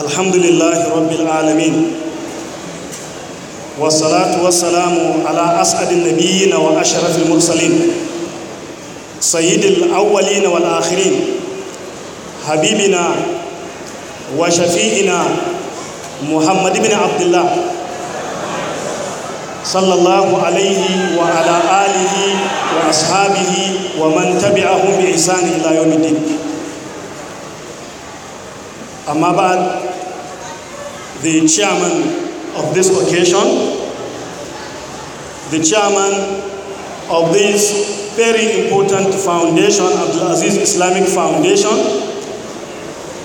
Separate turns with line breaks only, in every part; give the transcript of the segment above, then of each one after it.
الحمد لله رب العالمين والصلاة والسلام على أسعد النبيين وأشرف المرسلين سيد الأولين والآخرين حبيبنا وشفيئنا محمد بن عبد الله صلى الله عليه وعلى آله وأصحابه ومن تبعهم بإحسان إلى يوم الدين أما بعد the chairman of this occasion, the chairman of this very important foundation, Abdul Aziz Islamic Foundation,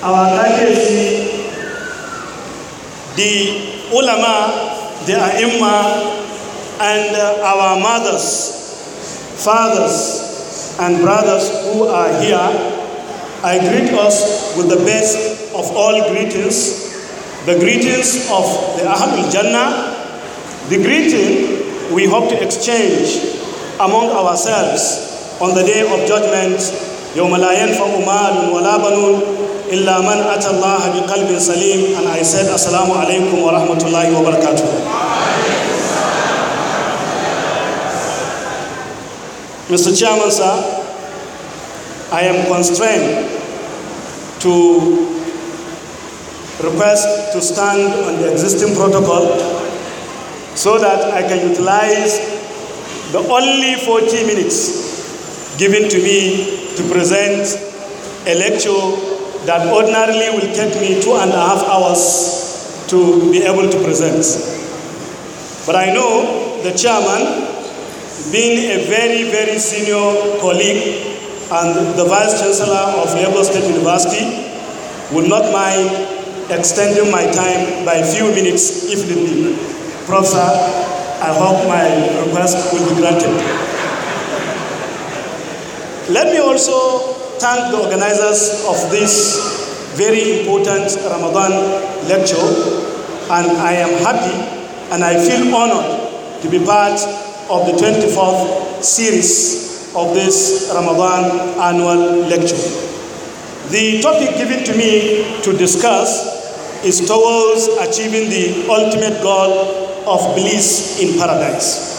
our IFC, the ulama, the ai and our mothers, fathers, and brothers who are here, I greet us with the best of all greetings the greetings of the Ahlul Jannah, the greeting we hope to exchange among ourselves on the day of judgment. يوم لا ينفع مال ولا بنون إلا من أتى الله بقلب سليم and I said السلام عليكم ورحمة الله وبركاته Mr. Chairman, sir, I am constrained to request to stand on the existing protocol so that I can utilize the only 40 minutes given to me to present a lecture that ordinarily will take me two and a half hours to be able to present. But I know the chairman, being a very, very senior colleague and the vice chancellor of Lagos State University, would not mind extending my time by a few minutes if need be. Professor, I hope my request will be granted. Let me also thank the organizers of this very important Ramadan lecture, and I am happy and I feel honored to be part of the 24th series of this Ramadan annual lecture. The topic given to me to discuss is towards achieving the ultimate goal of bliss in paradise.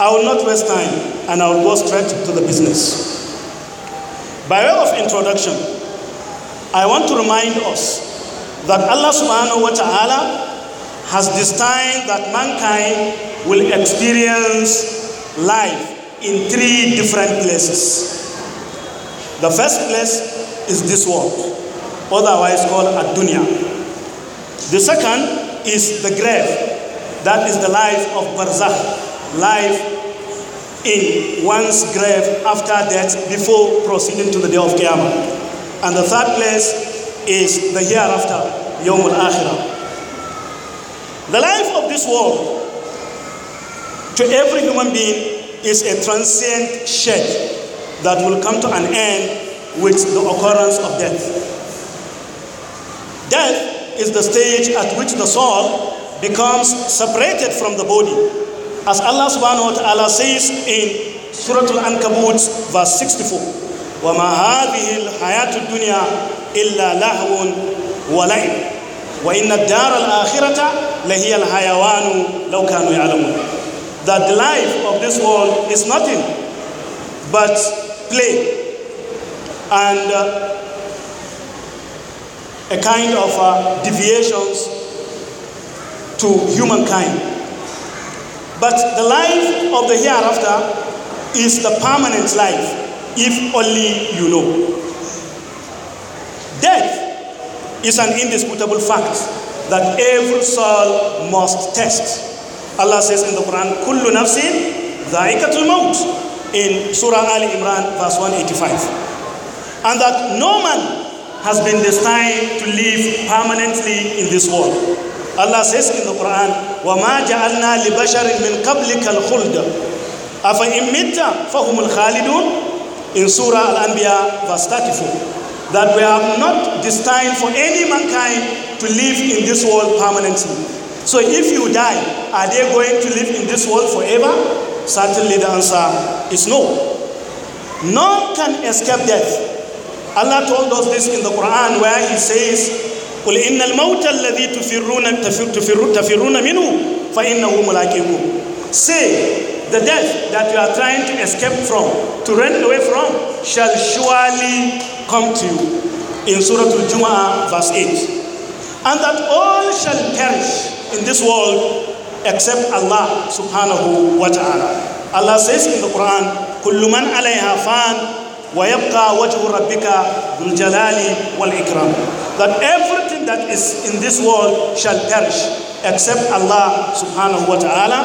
I will not waste time and I will go straight to the business. By way of introduction, I want to remind us that Allah subhanahu wa ta'ala has destined that mankind will experience life in three different places. The first place is this world, otherwise called a dunya the second is the grave. That is the life of Barzakh, life in one's grave after death before proceeding to the day of Qiyamah. And the third place is the hereafter, Yawm al Akhirah. The life of this world to every human being is a transient shed that will come to an end with the occurrence of death. Death is the stage at which the soul becomes separated from the body. As Allah subhanahu wa ta'ala says in Surah Al-Ankabut verse 64, وَمَا هَذِهِ الْحَيَاةُ الدُّنْيَا إِلَّا لَهْوٌ وَلَعِبٌ وَإِنَّ الدَّارَ الْآخِرَةَ لَهِيَ الْحَيَوَانُ لَوْ كَانُوا يَعْلَمُونَ That the life of this world is nothing but play and uh, a kind of uh, deviations to humankind. But the life of the hereafter is the permanent life, if only you know. Death is an indisputable fact that every soul must test. Allah says in the Quran, Kullu nafsin dhaikatul maut in Surah Al Imran, verse 185. And that no man has been destined to live permanently in this world. Allah says in the Quran, وَمَا جَعَلْنَا لِبَشَرٍ مِّن قَبْلِكَ الْخُلْدَ أَفَإِن مِتَّ فَهُمُ الْخَالِدُونَ in Surah Al-Anbiya verse 34 that we are not destined for any mankind to live in this world permanently. So if you die, are they going to live in this world forever? Certainly the answer is no. None can escape death. Allah told us this in the Quran where He says, قل إن الموت الذي تفرون تفرون منه فإنه ملاقيكم. Say the death that you are trying to escape from, to run away from, shall surely come to you. In Surah Al-Jumu'ah, verse 8. And that all shall perish in this world except Allah subhanahu wa ta'ala. Allah says in the Quran, كل من عليها فان وَيَبْقَى وَجْهُ رَبِّكَ ذُو الْجَلَالِ وَالْإِكْرَامِ That everything that is in this world shall perish except Allah subhanahu wa ta'ala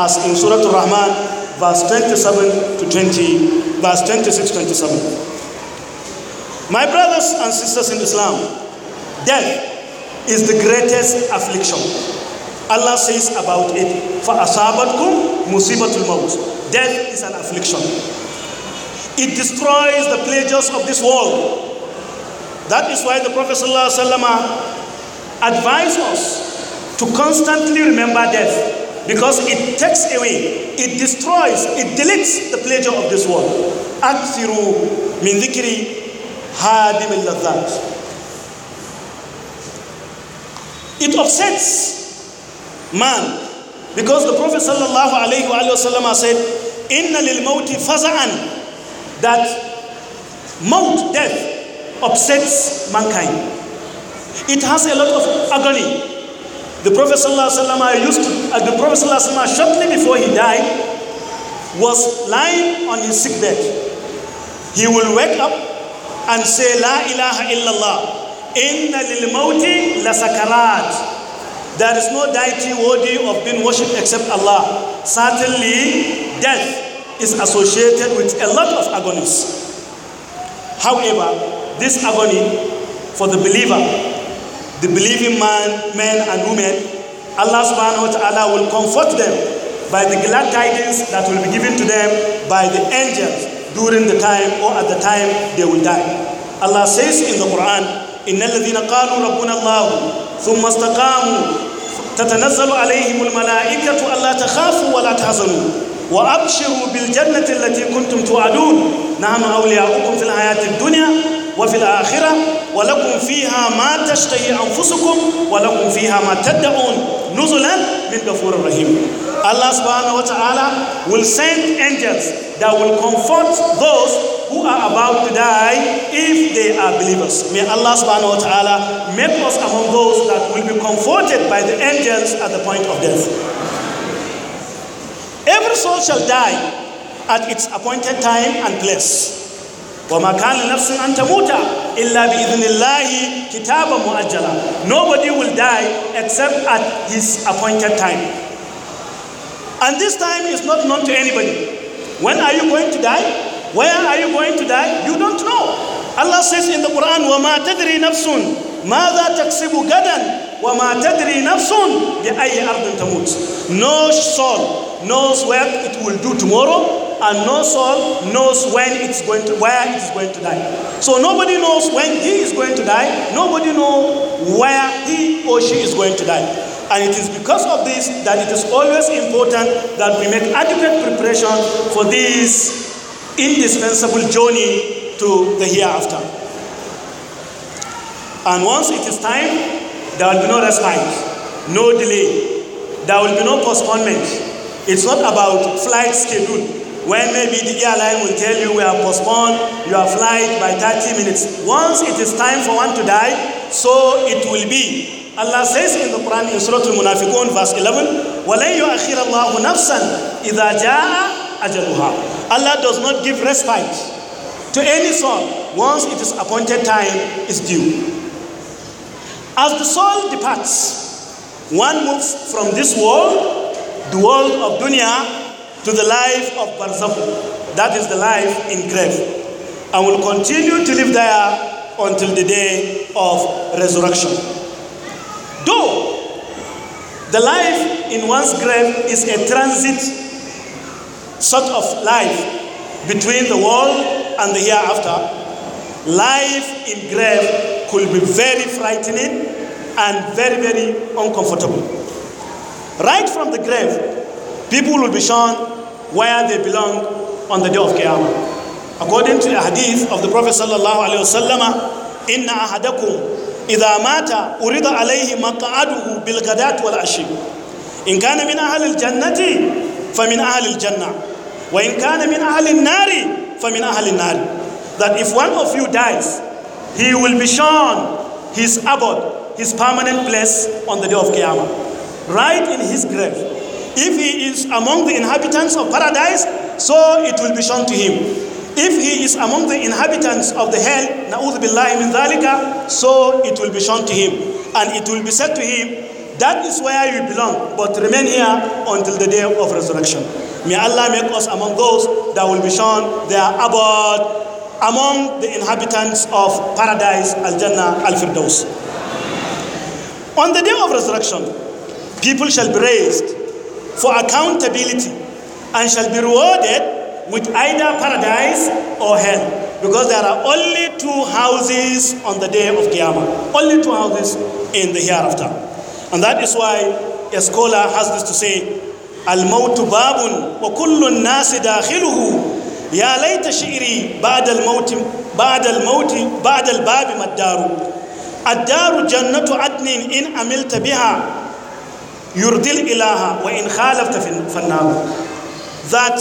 as in Surah Al-Rahman verse 27 to 20 verse 26 27 My brothers and sisters in Islam death is the greatest affliction Allah says about it فَأَصَابَتْكُمْ مُصِيبَةُ الْمَوْتِ Death is an affliction it destroys the pleasures of this world. That is why the Prophet ﷺ advised us to constantly remember death because it takes away, it destroys, it deletes the pleasure of this world. أكثروا من ذكر هادم It upsets man because the Prophet ﷺ said, إن للموت فزعا that Mount Death upsets mankind. It has a lot of agony. The Prophet ﷺ used uh, the Prophet ﷺ shortly before he died was lying on his sick bed. He will wake up and say, La ilaha illallah. Inna lil mauti la sakarat. There is no deity worthy of being worshipped except Allah. Certainly, death is associated with a lot of agonies. However, this agony for the believer, the believing man, men and women, Allah subhanahu wa ta'ala will comfort them by the glad tidings that will be given to them by the angels during the time or at the time they will die. Allah says in the Quran, إن الذين قالوا ربنا الله ثم استقاموا تتنزل عليهم الملائكة ألا تخافوا ولا تحزنوا وأبشروا بالجنة التي كنتم توعدون نعم أولياؤكم في الحياة الدنيا وفي الآخرة ولكم فيها ما تشتهي أنفسكم ولكم فيها ما تدعون نزلا من غفور رحيم Allah subhanahu wa ta'ala will send angels that will comfort those who are about to die if they are believers. May Allah subhanahu wa ta'ala make us among those that will be comforted by the angels at the point of death. Every soul shall die at its appointed time and place. وما كان لنفس أن تموت إلا بإذن الله كتابا مؤجلا Nobody will die except at his appointed time. And this time is not known to anybody. When are you going to die? Where are you going to die? You don't know. Allah says in the Quran, وَمَا تَدْرِي نَفْسٌ مَاذَا تَكْسِبُ غَدًا وَمَا تَدْرِي نَفْسٌ بِأَيِّ أَرْضٍ تَمُوتُ No soul knows what it will do tomorrow, and no soul knows when it's going to, where it is going to die. So nobody knows when he is going to die. Nobody knows where he or she is going to die. And it is because of this that it is always important that we make adequate preparation for this indispensable journey to the hereafter. And once it is time, there will be no respite, no delay, there will be no postponement. It's not about flight schedule, When maybe the airline will tell you we have postponed your flight by 30 minutes. Once it is time for one to die, so it will be. Allah says in the Quran in Surah Al-Munafiqun verse 11, وَلَنْ يُؤَخِّرَ اللَّهُ نَفْسًا إِذَا جَاءَ أَجَلُهَا Allah does not give respite to any soul once it is appointed time is due. As the soul departs, one moves from this world the world of dunya to the life of barzakh. That is the life in grave. And will continue to live there until the day of resurrection. Though the life in one's grave is a transit sort of life between the world and the hereafter, life in grave could be very frightening and very, very uncomfortable. Right from the grave, people will be shown where they belong on the day of Qiyamah. According to the hadith of the Prophet sallallahu alaihi wasallam, inna ahadakum إذا مات أريد عليه مقعده بالغداة والعشي min كان من أهل الجنة فمن أهل الجنة وإن كان من أهل النار فمن أهل nari that if one of you dies he will be shown his abode his permanent place on the day of Qiyamah right in his grave. If he is among the inhabitants of paradise, so it will be shown to him. If he is among the inhabitants of the hell, na'udhu billahi min dhalika, so it will be shown to him. And it will be said to him, that is where you belong, but remain here until the day of resurrection. May Allah make us among those that will be shown their abode among the inhabitants of paradise, Al Jannah, Al Firdaus. On the day of resurrection, people shall be raised for accountability and shall be rewarded with either paradise or hell. Because there are only two houses on the day of Qiyamah, only two houses in the hereafter. And that is why a scholar has this to say الموت باب وكل الناس داخله يا ليت شعري بعد الموت بعد الموت بعد الباب ما ad-daru jannatu adnin in عملت بها Yurdil ilaha wa in khalafta That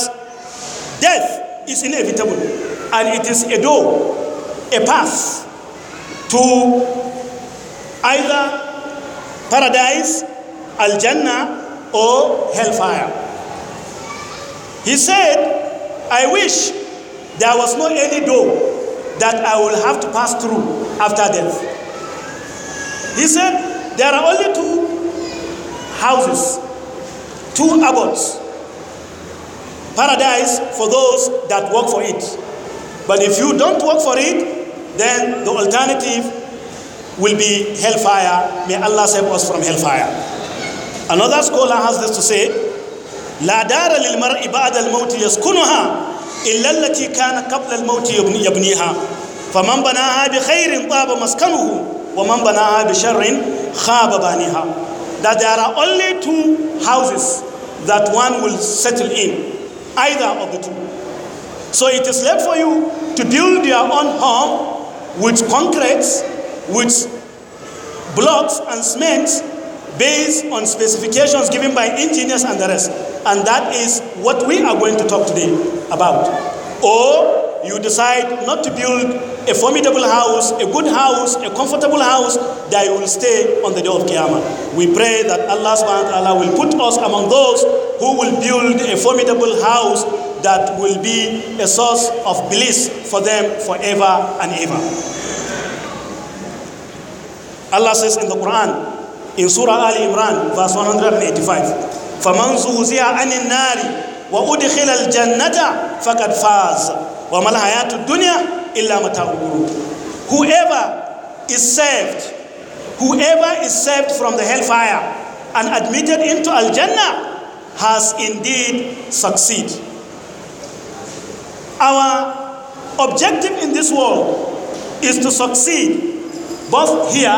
death is inevitable and it is a door, a path to either paradise, Al Jannah, or hellfire. He said, I wish there was no any door that I will have to pass through after death. He said, There are only two houses, two abodes, paradise for those that work for it. But if you don't work for it, then the alternative will be hellfire. May Allah save us from hellfire. Another scholar has this to say, لا دار للمرء بعد الموت يسكنها إلا التي كان قبل الموت يبنيها فمن بناها بخير طاب مسكنه ومن بناها بشر خاب بانيها that there are only two houses that one will settle in, either of the two. So it is left for you to build your own home with concrete, with blocks and cement based on specifications given by engineers and the rest. And that is what we are going to talk today about. Or you decide not to build a formidable house, a good house, a comfortable house that you will stay on the day of Qiyamah. We pray that Allah subhanahu wa ta'ala will put us among those who will build a formidable house that will be a source of bliss for them forever and ever. Allah says in the Quran, in Surah Al Imran, verse 185, فَمَنْ زُوزِيَ عَنِ النَّارِ wa udkhila faqad faz wa mal hayatu dunya illa whoever is saved whoever is saved from the hellfire and admitted into al-jannah has indeed succeeded our objective in this world is to succeed both here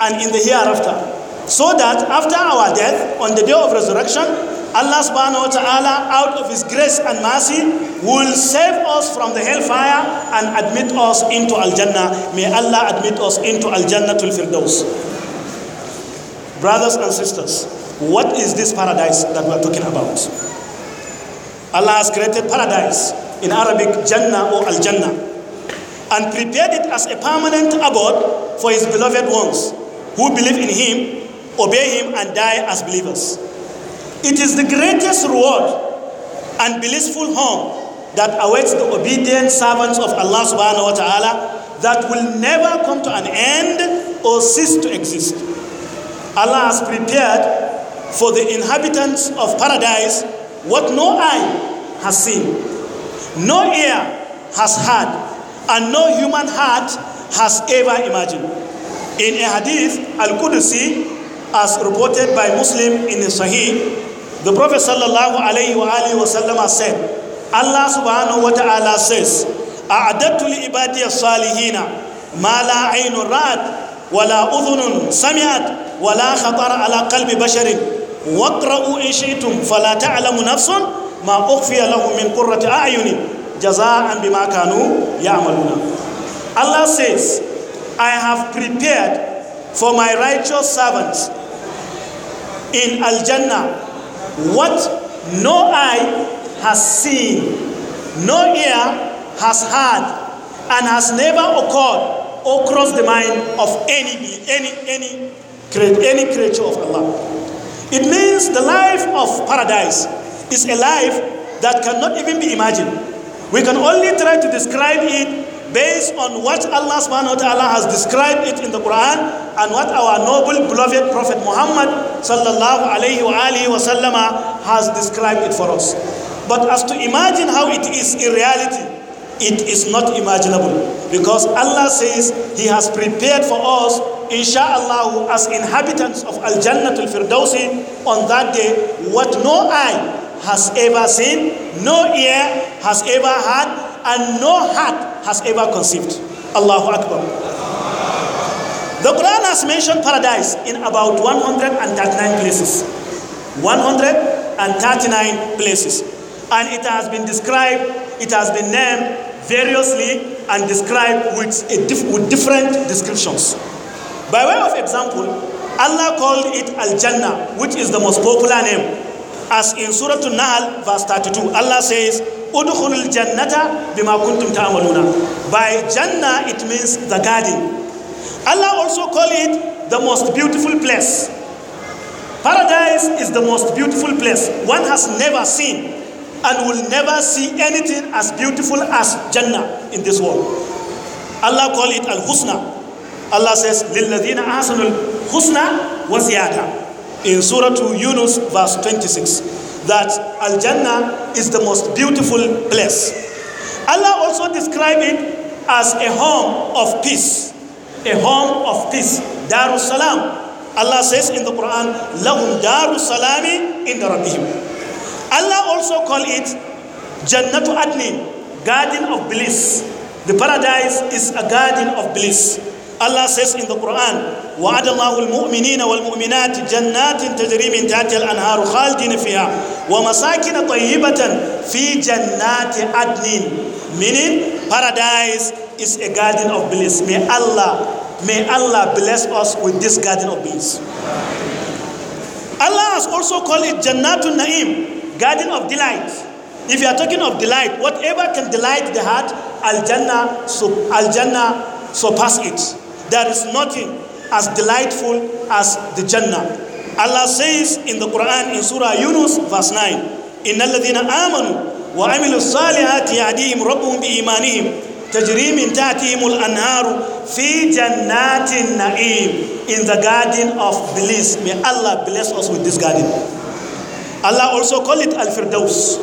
and in the hereafter so that after our death, on the day of resurrection, Allah subhanahu wa ta'ala, out of His grace and mercy, will save us from the hellfire and admit us into Al Jannah. May Allah admit us into Al Jannah fill Firdaus. Brothers and sisters, what is this paradise that we are talking about? Allah has created paradise, in Arabic, Jannah or Al Jannah, and prepared it as a permanent abode for His beloved ones who believe in Him obey Him, and die as believers. It is the greatest reward and blissful home that awaits the obedient servants of Allah subhanahu wa ta'ala that will never come to an end or cease to exist. Allah has prepared for the inhabitants of paradise what no eye has seen, no ear has heard, and no human heart has ever imagined. In a hadith, Al Qudusi, as reported by Muslim in Sahih, the Prophet sallallahu alayhi wa alayhi wa sallam said, Allah subhanahu wa ta'ala says, أعددت لعبادي الصالحين ما لا عين رأت ولا أذن سمعت ولا خطر على قلب بشر واقرأوا إن شئتم فلا تعلم نفس ما أخفي له من قرة أعين جزاء بما كانوا يعملون Allah says, I have prepared for my righteous servants in Al Jannah what no eye has seen, no ear has heard, and has never occurred or crossed the mind of any any any any creature of Allah. It means the life of paradise is a life that cannot even be imagined. We can only try to describe it based on what Allah subhanahu wa ta'ala has described it in the Quran and what our noble beloved Prophet Muhammad sallallahu alayhi wa alihi wasallama has described it for us. But as to imagine how it is in reality, it is not imaginable because Allah says He has prepared for us, insha'Allah, as inhabitants of Al Jannah al Firdausi on that day, what no eye has ever seen, no ear has ever heard, and no heart has ever conceived. Allahu Akbar. The Quran has mentioned paradise in about 139 places. 139 places. And it has been described, it has been named variously and described with, diff with different descriptions. By way of example, Allah called it Al Jannah, which is the most popular name. As in Surah An-Nahl, verse 32, Allah says, udkhulul jannata bima kuntum ta'maluna by janna, it means the garden allah also call it the most beautiful place paradise is the most beautiful place one has never seen and will never see anything as beautiful as jannah in this world allah call it al-husna allah says lilladhina ahsanul husna wa ziyada in surah yunus verse 26 that Al Jannah is the most beautiful place. Allah also described it as a home of peace. A home of peace. Darus Salam. Allah says in the Quran, Lahum Darus Salami in Rabbihim. Allah also called it Jannatu Adni, garden of bliss. The paradise is a garden of bliss. Allah says in the Quran, وَعَدَ اللَّهُ الْمُؤْمِنِينَ وَالْمُؤْمِنَاتِ جَنَّاتٍ تَجْرِي مِنْ تَحْتِهَا الْأَنْهَارُ خَالِدِينَ فِيهَا وَمَسَاكِنَ طَيِّبَةً فِي جَنَّاتِ عَدْنٍ Meaning, paradise is a garden of bliss. May Allah, may Allah bless us with this garden of bliss. Allah has also called it Jannatun Na'im, garden of delight. If you are talking of delight, whatever can delight the heart, Al Jannah, Al Jannah surpass it. There is nothing as delightful as the Jannah. Allah says in the Quran in Surah Yunus, verse 9, إِنَّ الَّذِينَ آمَنُوا وَعَمِلُوا الصَّالِحَاتِ يَهْدِيهِمْ رَبُّهُمْ بِإِيمَانِهِمْ تَجْرِي مِنْ تَحْتِهِمُ الْأَنْهَارُ فِي جَنَّاتِ النَّعِيمِ In the garden of bliss. May Allah bless us with this garden. Allah also call it Al-Firdaus,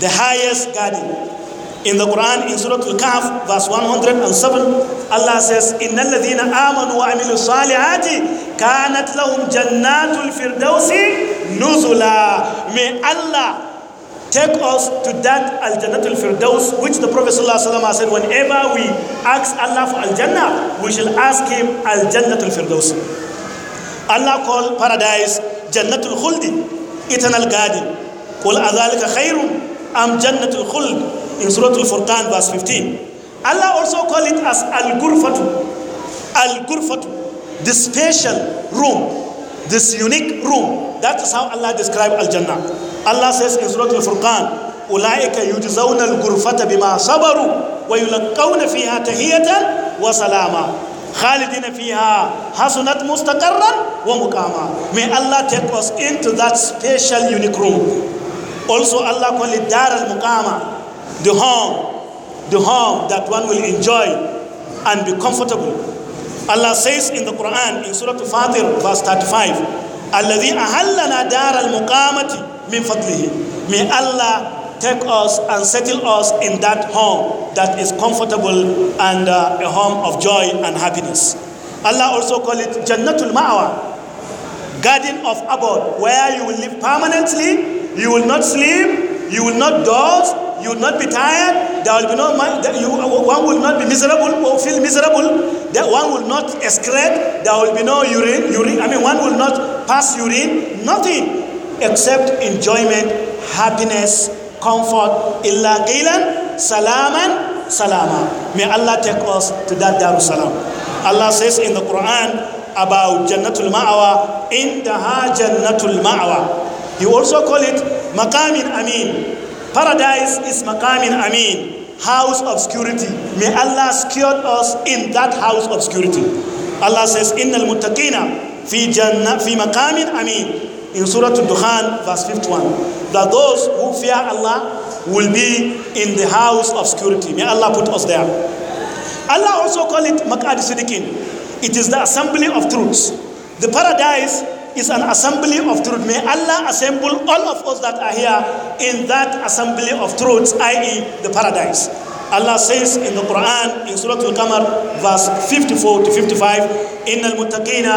the highest garden. In the Quran, in Surah Al-Kahf, verse 107, Allah says, إِنَّ الَّذِينَ آمَنُوا وَعَمِلُوا الصَّالِحَاتِ كَانَتْ لَهُمْ جَنَّاتُ الْفِرْدَوْسِ نُزُلًا May Allah take us to that Al-Jannat al-Firdaus which the Prophet ﷺ said whenever we ask Allah for Al-Jannah we shall ask him Al-Jannat al-Firdaus Allah called paradise Jannat al-Khuldi eternal garden قل أذلك خير أم جنة الخلد in Surah Al-Furqan verse 15. Allah also called it as Al-Ghurfatu. Al-Ghurfatu. The special room. This unique room. That is how Allah describes Al-Jannah. Allah says in Surah Al-Furqan, أولئك يجزون الغرفة بما صبروا ويلقون فيها تهية وسلاما خالدين فيها حسنت مستقرا ومقاما May Allah take us into that special unique room Also Allah call it Dar al-Muqama the home, the home that one will enjoy and be comfortable. Allah says in the Quran in Surah Fatir, verse 35, الذي أهلنا دار المقامة may Allah take us and settle us in that home that is comfortable and uh, a home of joy and happiness Allah also call it Jannatul Ma'wa garden of abode where you will live permanently you will not sleep you will not doze You will not be tired. There will be no man. You, one will not be miserable or feel miserable. That one will not excrete. There will be no urine. Urine. I mean, one will not pass urine. Nothing except enjoyment, happiness, comfort. Illa qilan salaman salama. May Allah take us to that Darussalam. Allah says in the Quran about Jannatul Ma'awa, Indaha Jannatul Ma'awa. You also call it Maqamin Amin. Paradise is makamin Amin, house of security. May Allah secure us in that house of security. Allah says, Innal muttaqina fi, jannah, fi makamin amin. In Surah Al-Dukhan, verse 51. That those who fear Allah will be in the house of security. May Allah put us there. Allah also call it Maqad Sidiqin. It is the assembly of truths. The paradise is an assembly of truth. May Allah assemble all of us that are here in that assembly of truths, i.e., the paradise. Allah says in the Quran, in Surah Al Qamar, verse 54 to 55, إن المتقين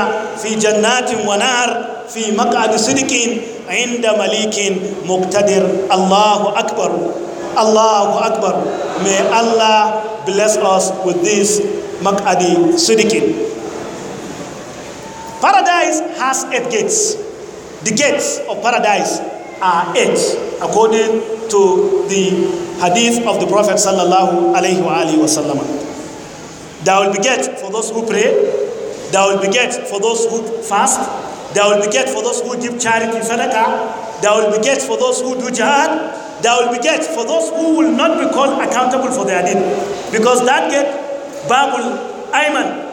في جنات ونار في مقعد صدق عند مليك مقتدر الله أكبر الله أكبر May Allah bless us with this مقعد صدق paradise has eight gates. The gates of paradise are eight, according to the hadith of the Prophet sallallahu alaihi wasallam. There will be gate for those who pray. There will be gate for those who fast. There will be gate for those who give charity That There will be gate for those who do jihad. There will be gate for those who will not be called accountable for their deed. Because that gate, Babul Ayman,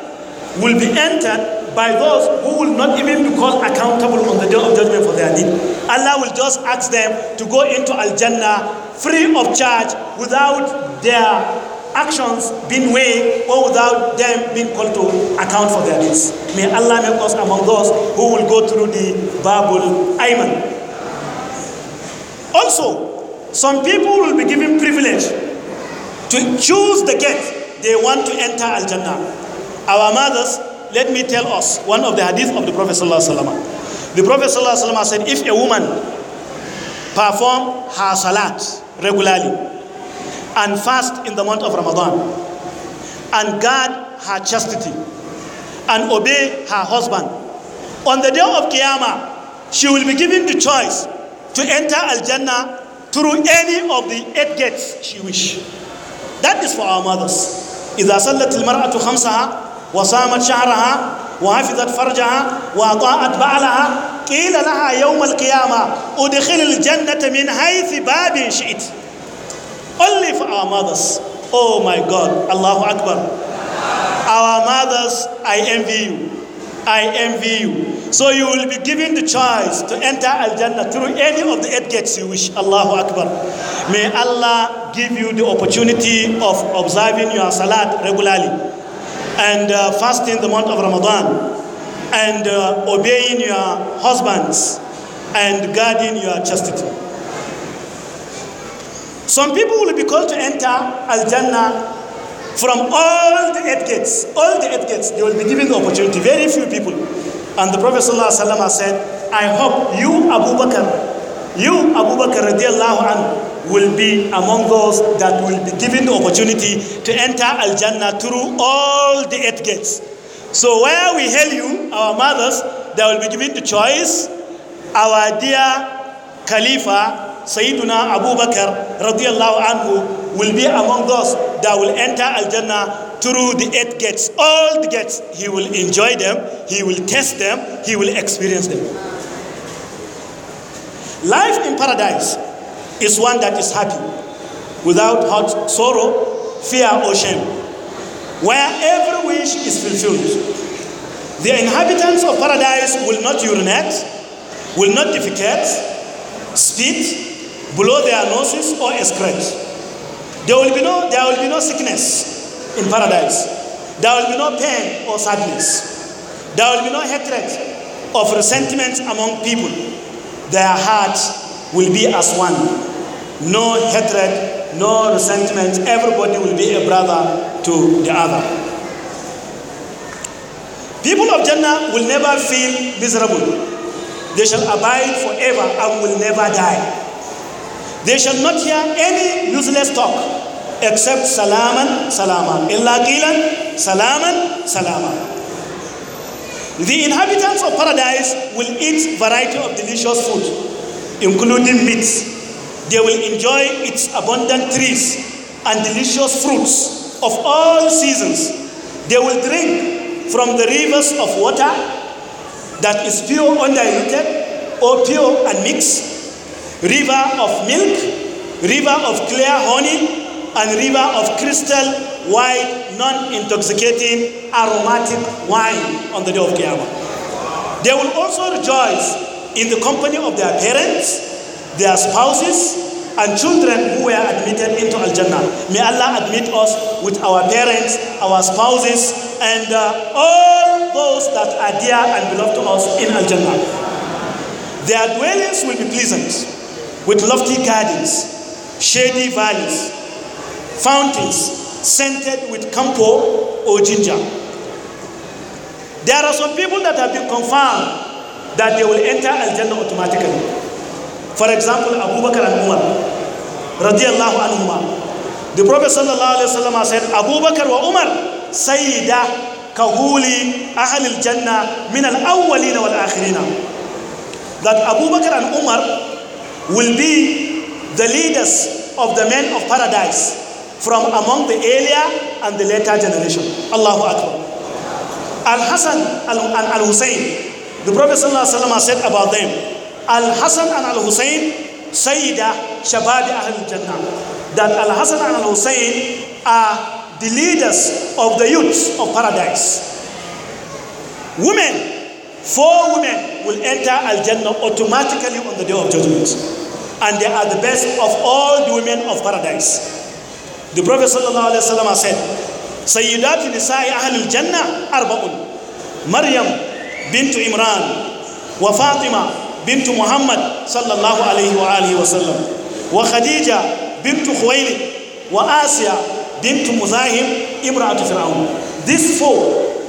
will be entered by those who will not even be called accountable on the day of judgment for their deed. Allah will just ask them to go into Al Jannah free of charge without their actions being weighed or without them being called to account for their deeds. May Allah make us among those who will go through the Babul Ayman. Also, some people will be given privilege to choose the gate they want to enter Al Jannah. Our mothers let me tell us one of the hadith of the Prophet ﷺ. The Prophet ﷺ said, if a woman perform her salat regularly and fast in the month of Ramadan and guard her chastity and obey her husband, on the day of Qiyamah, she will be given the choice to enter Al-Jannah through any of the eight gates she wish. That is for our mothers. إذا صلت المرأة خمسها وصامت شعرها وحفظت فرجها وأطاعت بعلها قيل لها يوم القيامة أدخل الجنة من حيث باب شئت Only for our mothers Oh my God الله Akbar Our mothers I envy you I envy you So you will be given the choice to enter Al-Jannah through any of the eight gates you wish Allahu Akbar May Allah give you the opportunity of observing your salat regularly and uh, fasting the month of Ramadan and uh, obeying your husbands and guarding your chastity. Some people will be called to enter Al Jannah from all the eight gates. All the eight gates, they will be given the opportunity. Very few people. And the Prophet ﷺ has said, I hope you, Abu Bakr, you, Abu Bakr radiallahu anhu, will be among those that will be given the opportunity to enter Al Jannah through all the eight gates. So, where we hail you, our mothers, they will be given the choice. Our dear Khalifa, Sayyiduna Abu Bakr radiallahu anhu, will be among those that will enter Al Jannah through the eight gates, all the gates, he will enjoy them, he will test them, he will experience them. Life in paradise is one that is happy, without heart, sorrow, fear, or shame, where every wish is fulfilled. The inhabitants of paradise will not urinate, will not defecate, spit, blow their noses, or excrete. There will be no, there will be no sickness in paradise. There will be no pain or sadness. There will be no hatred of resentment among people their hearts will be as one. No hatred, no resentment. Everybody will be a brother to the other. People of Jannah will never feel miserable. They shall abide forever and will never die. They shall not hear any useless talk except salaman, salaman. Illa qilan, salaman, salaman. The inhabitants of paradise will eat variety of delicious food, including meats. They will enjoy its abundant trees and delicious fruits of all seasons. They will drink from the rivers of water that is pure undiluted or pure and mixed, river of milk, river of clear honey, and river of crystal white, non intoxicating, aromatic wine on the day of Qiyamah. They will also rejoice in the company of their parents, their spouses, and children who were admitted into Al Jannah. May Allah admit us with our parents, our spouses, and uh, all those that are dear and beloved to us in Al Jannah. Their dwellings will be pleasant, with lofty gardens, shady valleys, fountains, scented with camphor or ginger. There are some people that have been confirmed that they will enter Al Jannah automatically. For example, Abu Bakr and Umar. Radiallahu anhuma. The Prophet ﷺ said, Abu Bakr wa Umar, Sayyida kahuli ahl al Jannah min al awwalina wal That Abu Bakr and Umar will be the leaders of the men of paradise from among the earlier and the later generation. Allahu Akbar. Al Hassan and Al Hussein, the Prophet ﷺ said about them, Al Hassan and Al Hussein, Sayyida Shabab Ahl Jannah, that Al Hassan and Al Hussein are the leaders of the youths of paradise. Women, four women will enter Al Jannah automatically on the day of judgment, and they are the best of all the women of paradise. The Prophet said, "Sayyidat nisa'i ahlil jannah arba'un: Maryam bintu Imran, wa Fatima bintu Muhammad sallallahu alaihi wa alihi wa Khadija bintu Khuwailid, wa Asiya bintu Muzahim, imra'atu Fir'aun." These four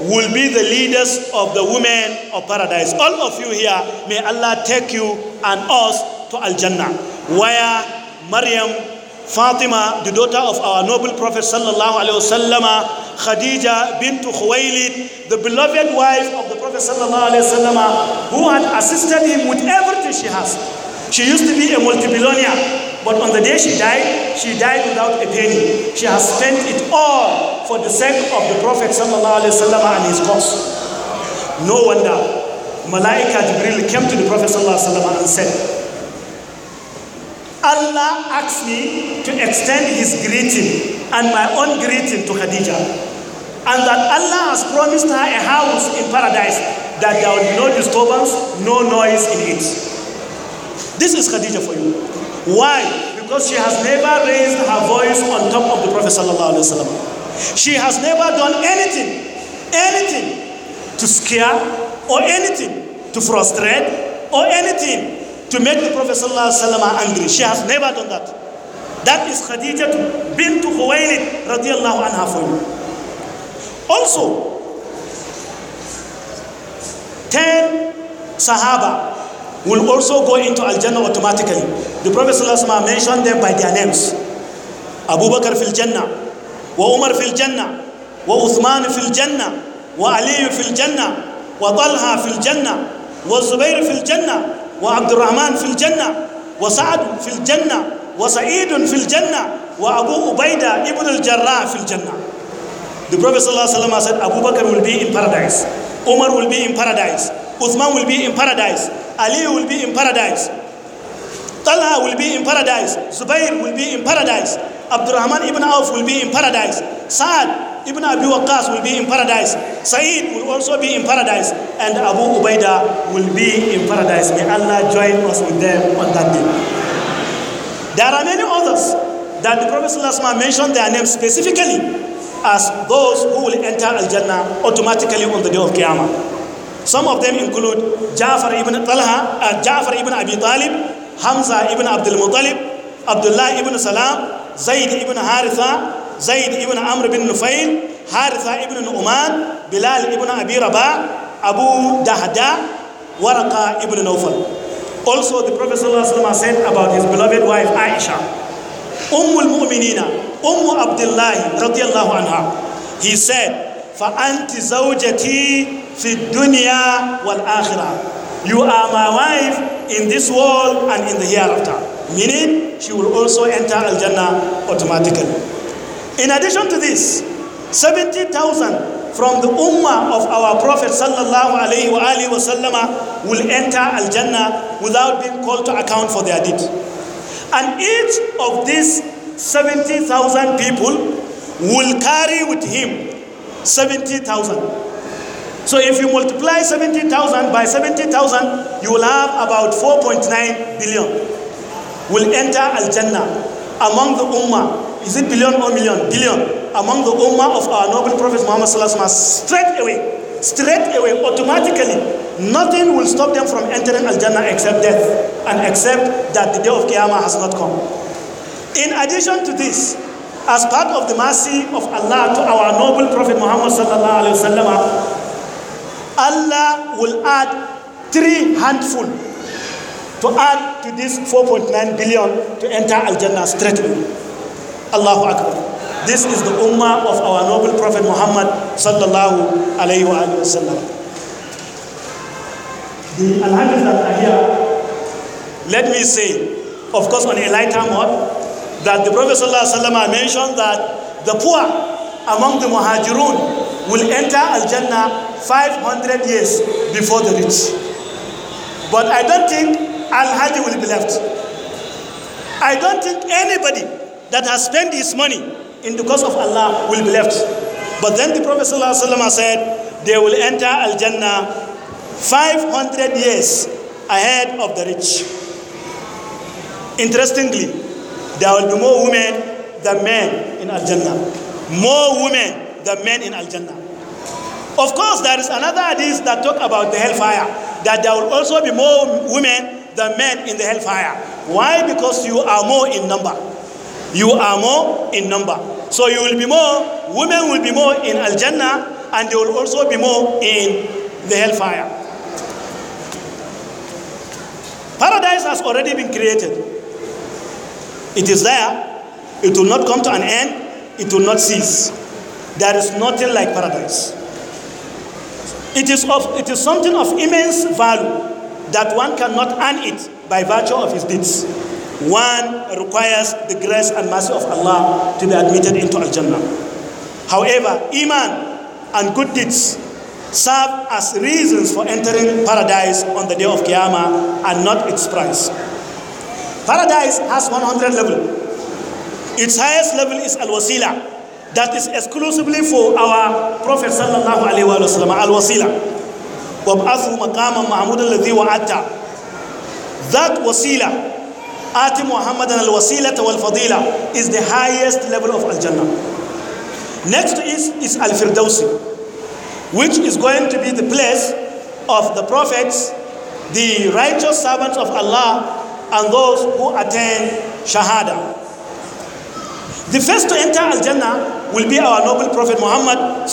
will be the leaders of the women of paradise. All of you here, may Allah take you and us to Al Jannah, where Maryam Fatima, the daughter of our noble Prophet sallallahu alaihi wasallam, Khadija bint Khuwailid, the beloved wife of the Prophet sallallahu alaihi wasallam, who had assisted him with everything she has. She used to be a multi-billionaire, but on the day she died, she died without a penny. She has spent it all for the sake of the Prophet sallallahu alaihi wasallam and his cause. No wonder Malaika Jibril came to the Prophet sallallahu alaihi wasallam and said, Allah asked me to extend his greeting and my own greeting to Khadija. And that Allah has promised her a house in paradise that there will be no disturbance, no noise in it. This is Khadija for you. Why? Because she has never raised her voice on top of the Prophet. She has never done anything, anything to scare or anything to frustrate or anything to make the Prophet ﷺ angry. She has never done that. That is Khadija bint Khuwailid radiallahu anha for you. Also, 10 Sahaba will also go into Al-Jannah automatically. The Prophet ﷺ mentioned them by their names. Abu Bakr fil Jannah, wa Umar fil Jannah, wa Uthman fil Jannah, wa Ali fil Jannah, wa Talha fil Jannah, wa Zubair fil Jannah, وعبد الرحمن في الجنة وسعد في الجنة وسعيد في الجنة وأبو عبيدة ابن الجراح في الجنة The Prophet ﷺ said Abu Bakr will be in paradise Umar will be in paradise Uthman will be in paradise Ali will be in paradise Talha will be in paradise Zubair will be in paradise Abdurrahman ibn Auf will be in paradise Sa'ad Ibn Abi Waqqas will be in paradise. Sa'id will also be in paradise. And Abu Ubaidah will be in paradise. May Allah join us with them on that day. There are many others that the Prophet ﷺ mentioned their names specifically as those who will enter Al-Jannah automatically on the day of Qiyamah. Some of them include Ja'far ibn Talha, uh, Ja'far ibn Abi Talib, Hamza ibn Abdul Muttalib, Abdullah ibn Salam, Zayd ibn Haritha, زيد ابن عمرو بن نفيل حارثة ابن نعمان بلال ابن أبي رباح Abu Dahda, Waraka ibn Nawfal. Also, the Prophet صلى الله عليه وسلم said about his beloved wife Aisha, Ummul Mu'minina, Ummu Abdullah radiyallahu anha. He said, فَأَنْتِ زَوْجَتِي فِي الدُّنْيَا وَالْآخِرَةِ You are my wife in this world and in the hereafter. Meaning, she will also enter Al-Jannah automatically. In addition to this, 70,000 from the ummah of our Prophet sallallahu alaihi wasallam will enter Al-Jannah without being called to account for their deed. And each of these 70,000 people will carry with him 70,000. So if you multiply 70,000 by 70,000, you will have about 4.9 billion will enter Al-Jannah among the Ummah Is it billion or million? Billion. Among the ummah of our noble Prophet Muhammad Sallallahu straight away, straight away, automatically, nothing will stop them from entering Al Jannah except death and except that the day of Qiyamah has not come. In addition to this, as part of the mercy of Allah to our noble Prophet Muhammad sallallahu alaihi wasallam, Allah will add three handful to add to this 4.9 billion to enter Al Jannah straight away. Allahu Akbar. This is the ummah of our noble Prophet Muhammad sallallahu alayhi wa The al that are here, let me say, of course on a lighter note, that the Prophet sallallahu alayhi wa sallam mentioned that the poor among the muhajirun will enter al-Jannah 500 years before the rich. But I don't think al-Hajj will be left. I don't think anybody that has spent his money in the cause of Allah will be left. But then the Prophet ﷺ said, they will enter Al Jannah 500 years ahead of the rich. Interestingly, there will be more women than men in Al Jannah. More women than men in Al Jannah. Of course, there is another hadith that talk about the hellfire, that there will also be more women than men in the hellfire. Why? Because you are more in number. You are more in number. So you will be more, women will be more in Al Jannah, and they will also be more in the hellfire. Paradise has already been created. It is there. It will not come to an end. It will not cease. There is nothing like paradise. It is, of, it is something of immense value that one cannot earn it by virtue of his deeds. One requires the grace and mercy of Allah to be admitted into Al Jannah. However, Iman and good deeds serve as reasons for entering paradise on the day of Qiyamah and not its price. Paradise has 100 levels. Its highest level is Al-Wasila. That is exclusively for our Prophet sallallahu alaihi wasallam. Al-Wasila. That wasila Ati Muhammadan al Wasilat wal Fadila is the highest level of Al Jannah. Next is, is Al Firdausi, which is going to be the place of the prophets, the righteous servants of Allah, and those who attain Shahada. The first to enter Al Jannah will be our noble Prophet Muhammad.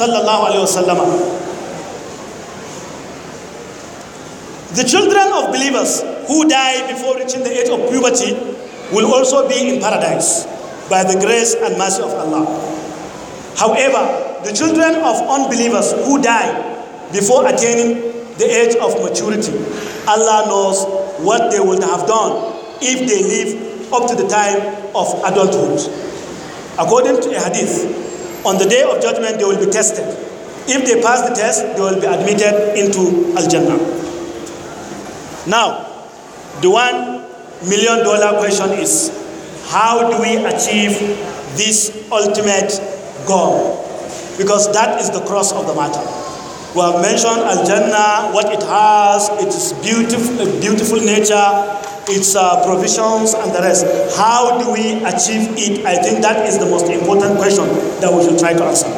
The children of believers who die before reaching the age of puberty will also be in paradise by the grace and mercy of Allah. However, the children of unbelievers who die before attaining the age of maturity, Allah knows what they would have done if they live up to the time of adulthood. According to a hadith, on the day of judgment they will be tested. If they pass the test, they will be admitted into Al Jannah. Now, the one million dollar question is how do we achieve this ultimate goal? Because that is the cross of the matter. We have mentioned Al Jannah, what it has, its beautiful, beautiful nature, its uh, provisions, and the rest. How do we achieve it? I think that is the most important question that we should try to answer.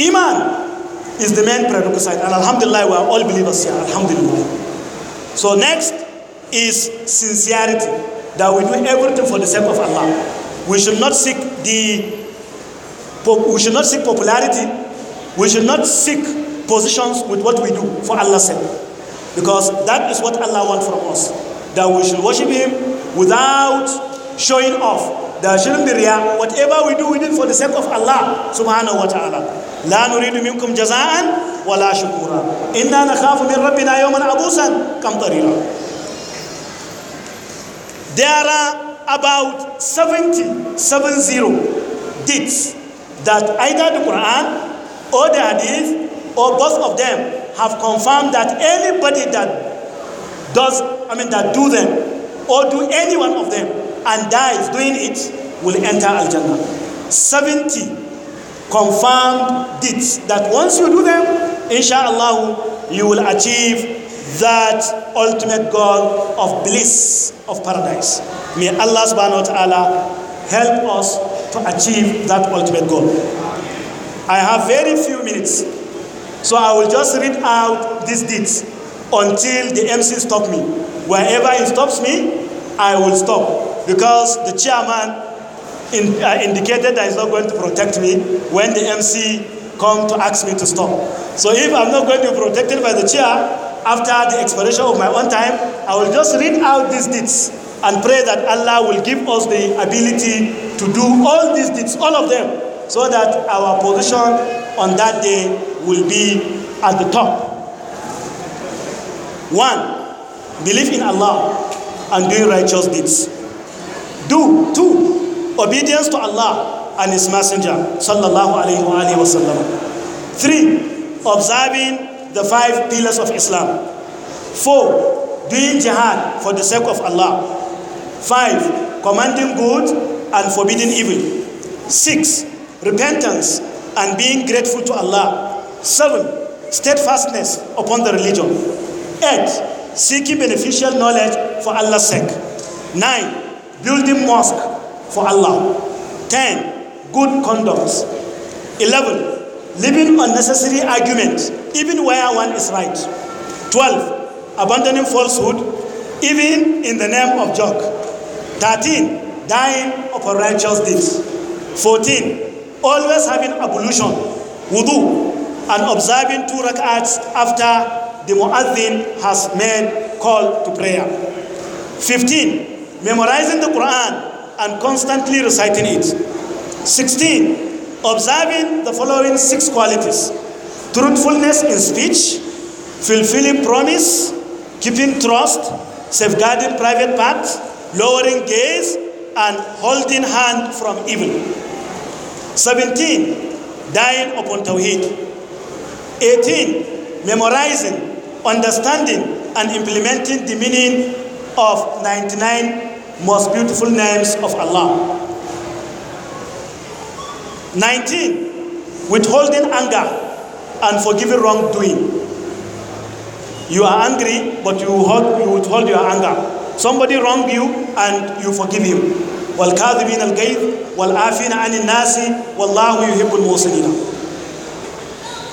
Iman is the main prerequisite, and Alhamdulillah, we are all believers here. Alhamdulillah. So next is sincerity, that we do everything for the sake of Allah. We should not seek the we should not seek popularity. We should not seek positions with what we do for Allah's sake. Because that is what Allah wants from us. That we should worship Him without showing off There shouldn't be riyah. Whatever we do, we do for the sake of Allah subhanahu wa ta'ala. لا نريد منكم جزاء ولا شكورا إنا نخاف من ربنا يوما عبوسا كم طريقا There are about 70, 70 deeds that either the Quran or the Hadith or both of them have confirmed that anybody that does, I mean, that do them or do any one of them and dies doing it will enter Al-Jannah. 70 confirmed deeds that once you do them, inshallah, you will achieve that ultimate goal of bliss of paradise. May Allah subhanahu wa ta'ala help us to achieve that ultimate goal. I have very few minutes, so I will just read out these deeds until the MC stops me. Wherever he stops me, I will stop. because the chairman in, uh, indicated that he's not going to protect me when the MC come to ask me to stop. So if I'm not going to be protected by the chair after the expiration of my own time, I will just read out these deeds and pray that Allah will give us the ability to do all these deeds, all of them, so that our position on that day will be at the top. One, believe in Allah and doing righteous deeds. Do, two, obedience to Allah and His Messenger, sallallahu alayhi wa, Three, observing the five pillars of Islam. Four, doing jihad for the sake of Allah. Five, commanding good and forbidding evil. Six, repentance and being grateful to Allah. Seven, steadfastness upon the religion. Eight, seeking beneficial knowledge for Allah's sake. Nine, building mosque for Allah. 10. Good conduct. 11. Leaving unnecessary argument even where one is right. 12. Abandoning falsehood, even in the name of joke. 13. Dying of a righteous deed. 14. Always having ablution, wudu, and observing two rak'ats after the muazzin has made call to prayer. 15 memorizing the Quran and constantly reciting it. 16. Observing the following six qualities truthfulness in speech, fulfilling promise, keeping trust, safeguarding private parts, lowering gaze, and holding hand from evil. 17. Dying upon Tawheed. 18. Memorizing, understanding, and implementing the meaning of 99 most beautiful names of Allah. 19. Withholding anger and forgiving wrongdoing. You are angry, but you, hold, you withhold your anger. Somebody wronged you and you forgive him. والكاذبين الغيظ والعافين عن الناس والله يحب المحسنين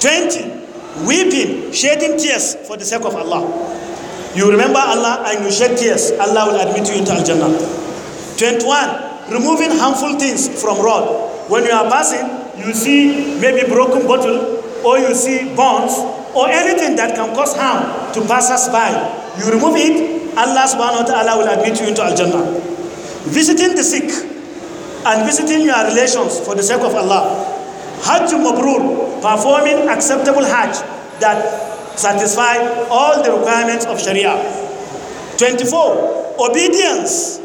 20 weeping shedding tears for the sake of Allah you remember Allah and you shed tears, Allah will admit you into Al Jannah. 21. Removing harmful things from road. When you are passing, you see maybe broken bottle, or you see bones, or anything that can cause harm to passers by. You remove it, Allah subhanahu wa ta'ala will admit you into Al Jannah. Visiting the sick and visiting your relations for the sake of Allah. Hajj Mabrur, performing acceptable Hajj that satisfy all the requirements of Sharia. 24. Obedience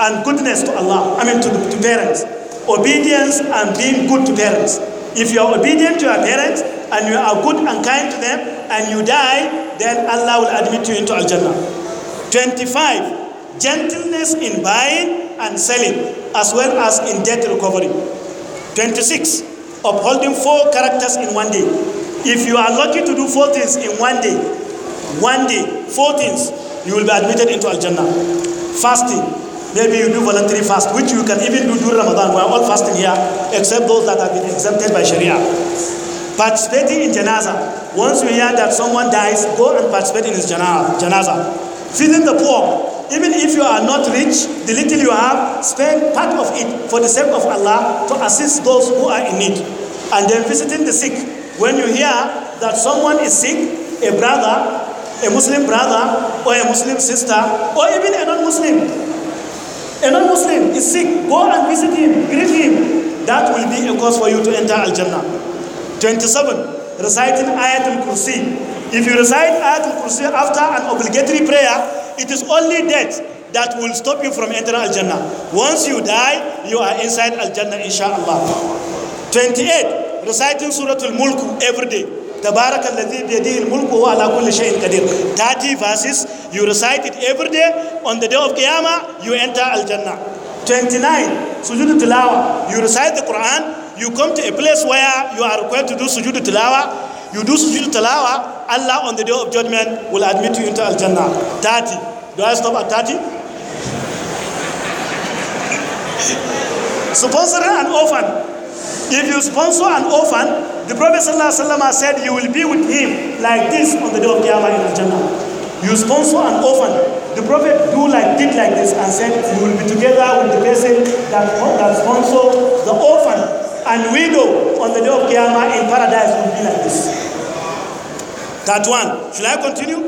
and goodness to Allah, I mean to, to parents. Obedience and being good to parents. If you are obedient to your parents and you are good and kind to them and you die, then Allah will admit you into Al Jannah. 25. Gentleness in buying and selling, as well as in debt recovery. 26. Upholding four characters in one day if you are lucky to do four things in one day, one day, four things, you will be admitted into Al Jannah. Fasting, maybe you do voluntary fast, which you can even do during Ramadan. We are all fasting here, except those that have been exempted by Sharia. Participating in janaza. Once you hear that someone dies, go and participate in his janaza. Feeding the poor, even if you are not rich, the little you have, spend part of it for the sake of Allah to assist those who are in need. And then visiting the sick, when you hear that someone is sick, a brother, a Muslim brother, or a Muslim sister, or even a non Muslim, a non Muslim is sick, go and visit him, greet him. That will be a cause for you to enter Al Jannah. 27. Reciting Ayatul Kursi. If you recite Ayatul Kursi after an obligatory prayer, it is only death that will stop you from entering Al Jannah. Once you die, you are inside Al Jannah, inshallah. 28. reciting suratul mulk every day bi yadihi al mulku wa ala kulli shay'in qadir 30 verses you recite it every day on the day of Qiyamah you enter Al-Jannah 29 sujud tilawa you recite the Quran you come to a place where you are required to do sujud tilawa you do sujud tilawa Allah on the day of judgment will admit you into Al-Jannah 30 do I stop at 30 sponsoring an orphan If you sponsor an orphan, the Prophet ﷺ said you will be with him like this on the day of Qiyamah in Jannah. You sponsor an orphan. The Prophet do like did like this and said you will be together with the person that, that sponsor the orphan and widow on the day of Qiyamah in paradise will be like this. That one. Shall I continue?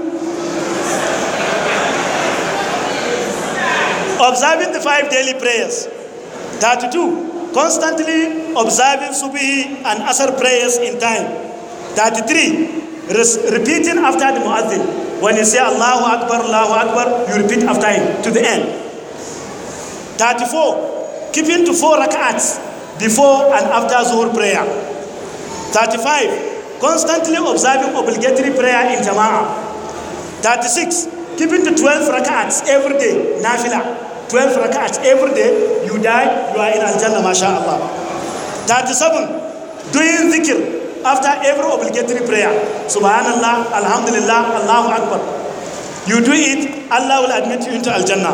Observing the five daily prayers. That two. Constantly observing subhi and asr prayers in time. 33. repeating after the muazzin. When you say Allahu Akbar, Allahu Akbar, you repeat after him to the end. 34. Keeping to four rak'ats before and after zuhur prayer. 35. Constantly observing obligatory prayer in jama'ah. 36. Keeping to 12 rak'ats every day, nafila. 12 rak'at every day, you die, you are in Al-Jannah, mashallah. 37, doing zikr after every obligatory prayer. Subhanallah, Alhamdulillah, Allahu Akbar. You do it, Allah will admit you into Al-Jannah.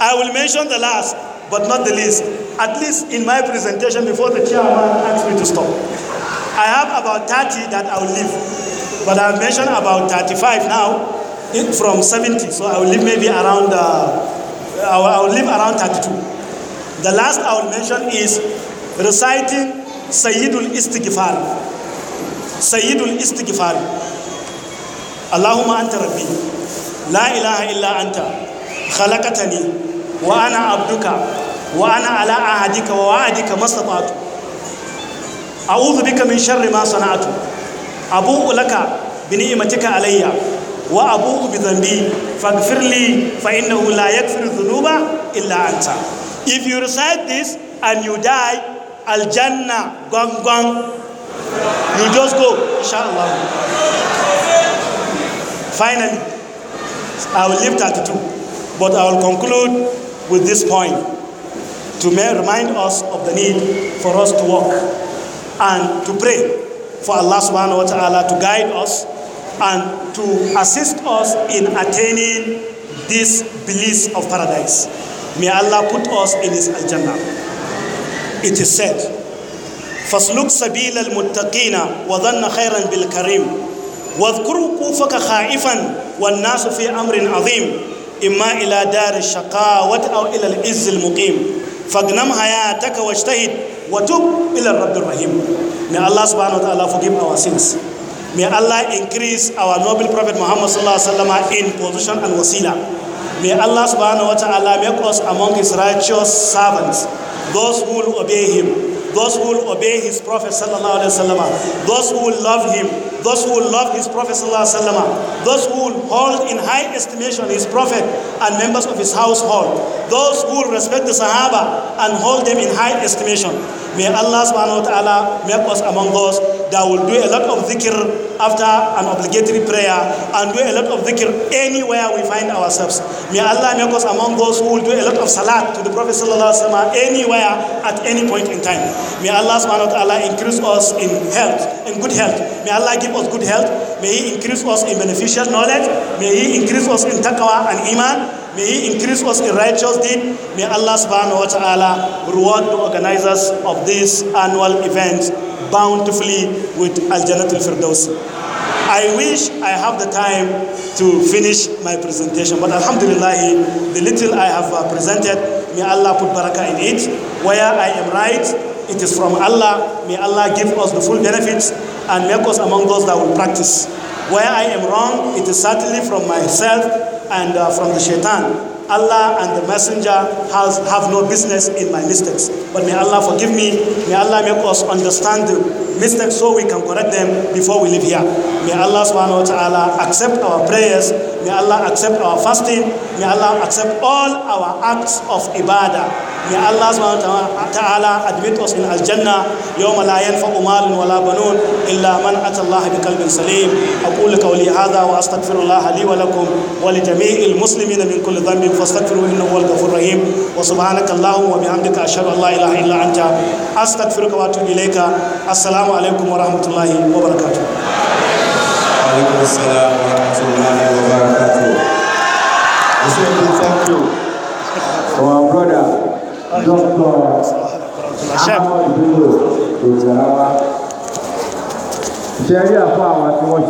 I will mention the last, but not the least. At least in my presentation before the chairman asks me to stop. I have about 30 that I will leave. But I've mentioned about 35 now eh, from 70. So I will leave maybe around uh, I will, I will leave around 32. The last I will mention is reciting Sayyidul Istighfar. Sayyidul Istighfar. Allahumma anta rabbi la ilaha illa anta Khalakatani. wa ana abduka wa ana ala ahadika wa wa'adika masabatu. a'udhu bika min sharri ma sana'tu abu'u laka bini imatika alayya wa abu'u bi faghfirli fa innahu la yaghfiru dhunuba illa anta if you recite this and you die al jannah gong gong you just go inshallah finally i will leave that to but i will conclude with this point to remind us of the need for us to walk and to pray for allah subhanahu wa ta'ala to guide us and to assist us in attaining this bliss of paradise. May Allah put us in His Al It is said, فَاسْلُكْ سَبِيلَ الْمُتَّقِينَ وَظَنَّ خَيْرًا بِالْكَرِيمِ وَاذْكُرْ كُوفَكَ خَائِفًا وَالنَّاسُ فِي أَمْرٍ عَظِيمٍ إِمَّا إِلَى دَارِ الشَّقَاوَةِ أَوْ إِلَى الْإِزِّ الْمُقِيمِ فَاغْنَمْ حَيَاتَكَ وَاجْتَهِدْ وَتُبْ إِلَى الرَّبِّ الرَّحِيمِ May Allah subhanahu wa ta'ala forgive our sins. May Allah increase our noble Prophet Muhammad sallallahu alaihi in position and wasila. May Allah subhanahu wa ta'ala make us among his righteous servants, those who will obey him, those who will obey his Prophet sallallahu alaihi those who will love him, those who will love his Prophet those who will hold in high estimation his Prophet and members of his household, those who will respect the Sahaba and hold them in high estimation. May Allah subhanahu wa ta'ala make us among those that will do a lot of dhikr after an obligatory prayer and do a lot of dhikr anywhere we find ourselves. May Allah make us among those who will do a lot of salat to the Prophet sallallahu alaihi wasallam anywhere at any point in time. May Allah subhanahu wa ta'ala increase us in health, in good health. May Allah give us good health. May He increase us in beneficial knowledge. May He increase us in taqwa and iman. May He increase us in righteous deed. May Allah subhanahu wa ta'ala reward the organizers of this annual event bountifully with Al Janatul Firdaus. I wish I have the time to finish my presentation, but Alhamdulillah, the little I have uh, presented, may Allah put barakah in it. Where I am right, It is from Allah. May Allah give us the full benefits and make us among those that will practice. Where I am wrong, it is certainly from myself and uh, from the shaitan. Allah and the messenger has, have no business in my mistakes. But may Allah forgive me. May Allah make us understand the mistakes so we can correct them before we leave here. May Allah subhanahu wa ta'ala accept our prayers. May Allah accept our fasting. May Allah accept all our acts of ibadah. May Allah subhanahu wa ta'ala admit us in al-jannah yawma la yanfa'u malun wala banun illa man ata Allah bi qalbin salim aqulu qawli hadha wa astaghfirullah li wa lakum wa li jami'il muslimina min kulli dhanbin fastaghfiruhu innahu huwal ghafurur rahim wa subhanaka allahumma wa bihamdika ashhadu an la ilaha illa anta astaghfiruka wa atubu ilayka assalamu alaikum wa rahmatullahi wa barakatuh wa alaikum assalam wa rahmatullahi wa barakatuh thank you our brother dókítà àmọ́ ìbílò ìjọba ṣe rí àfọ àwọn tí wọ́n ṣe.